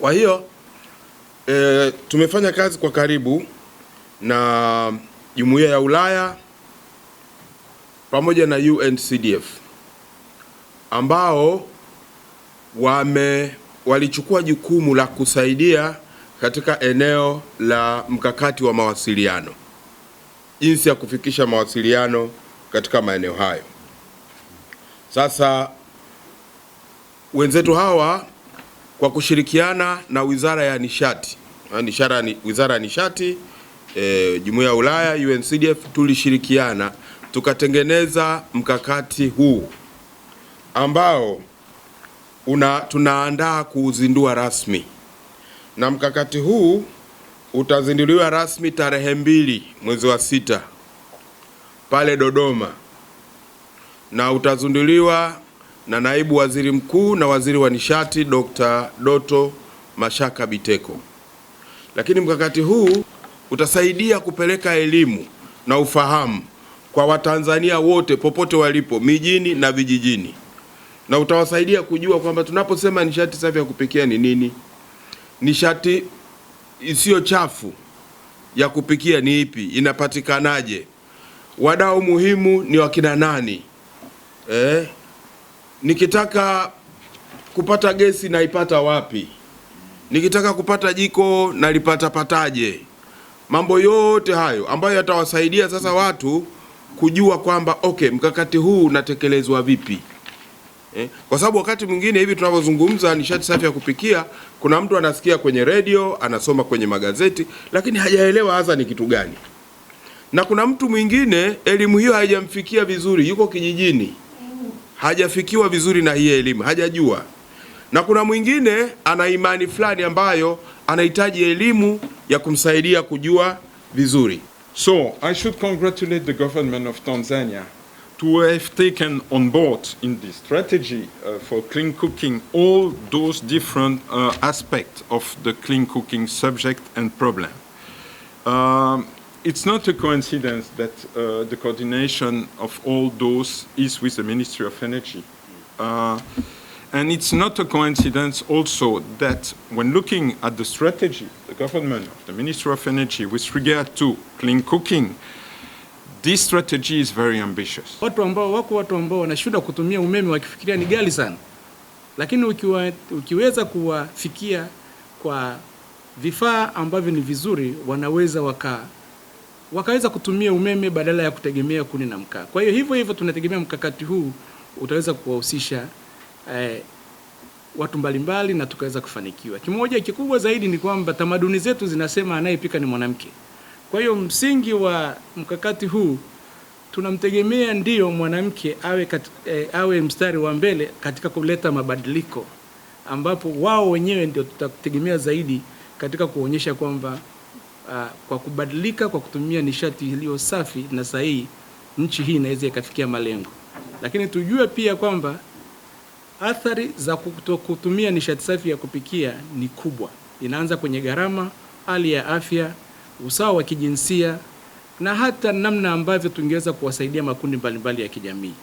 Kwa hiyo e, tumefanya kazi kwa karibu na Jumuiya ya Ulaya pamoja na UNCDF ambao wame walichukua jukumu la kusaidia katika eneo la mkakati wa mawasiliano, jinsi ya kufikisha mawasiliano katika maeneo hayo. Sasa wenzetu hawa kwa kushirikiana na Wizara ya Nishati, ah, Wizara ya Nishati e, Jumuiya ya Ulaya UNCDF, tulishirikiana tukatengeneza mkakati huu ambao una, tunaandaa kuuzindua rasmi, na mkakati huu utazinduliwa rasmi tarehe mbili mwezi wa sita pale Dodoma na utazinduliwa na naibu waziri mkuu na waziri wa nishati Dr. Doto Mashaka Biteko. Lakini mkakati huu utasaidia kupeleka elimu na ufahamu kwa Watanzania wote popote walipo mijini na vijijini, na utawasaidia kujua kwamba tunaposema nishati safi ya kupikia ni nini, nishati isiyo chafu ya kupikia ni ipi, inapatikanaje, wadau muhimu ni wakina nani eh? nikitaka kupata gesi naipata wapi? Nikitaka kupata jiko nalipata pataje? Mambo yote hayo ambayo yatawasaidia sasa watu kujua kwamba okay, mkakati huu unatekelezwa vipi eh? Kwa sababu wakati mwingine hivi tunavyozungumza nishati safi ya kupikia, kuna mtu anasikia kwenye redio, anasoma kwenye magazeti, lakini hajaelewa hasa ni kitu gani, na kuna mtu mwingine elimu hiyo haijamfikia vizuri, yuko kijijini hajafikiwa vizuri na hii elimu, hajajua. Na kuna mwingine ana imani fulani ambayo anahitaji elimu ya kumsaidia kujua vizuri. So I should congratulate the government of Tanzania to have taken on board in this strategy uh, for clean cooking all those different uh, aspects of the clean cooking subject and problem. Um, it's not a coincidence that uh, the coordination of all those is with the Ministry of Energy. Uh, and it's not a coincidence also that when looking at the strategy, the government of the Ministry of Energy with regard to clean cooking, this strategy is very ambitious. Watu ambao wako watu ambao kutumia umeme wakifikiria ni gali sana, lakini ukiwa, ukiweza kuwafikia kwa vifaa ambavyo ni vizuri wanaweza waka wakaweza kutumia umeme badala ya kutegemea kuni na mkaa. Kwa hiyo hivyo hivyo tunategemea mkakati huu utaweza kuwahusisha eh, watu mbalimbali na tukaweza kufanikiwa. Kimoja kikubwa zaidi ni kwamba tamaduni zetu zinasema anayepika ni mwanamke. Kwa hiyo msingi wa mkakati huu tunamtegemea ndiyo mwanamke awe, kat, eh, awe mstari wa mbele katika kuleta mabadiliko ambapo wao wenyewe ndio tutategemea zaidi katika kuonyesha kwamba uh, kwa kubadilika kwa kutumia nishati iliyo safi na sahihi, nchi hii inaweza ikafikia malengo, lakini tujue pia kwamba athari za kutokutumia nishati safi ya kupikia ni kubwa. Inaanza kwenye gharama, hali ya afya, usawa wa kijinsia na hata namna ambavyo tungeweza kuwasaidia makundi mbalimbali ya kijamii.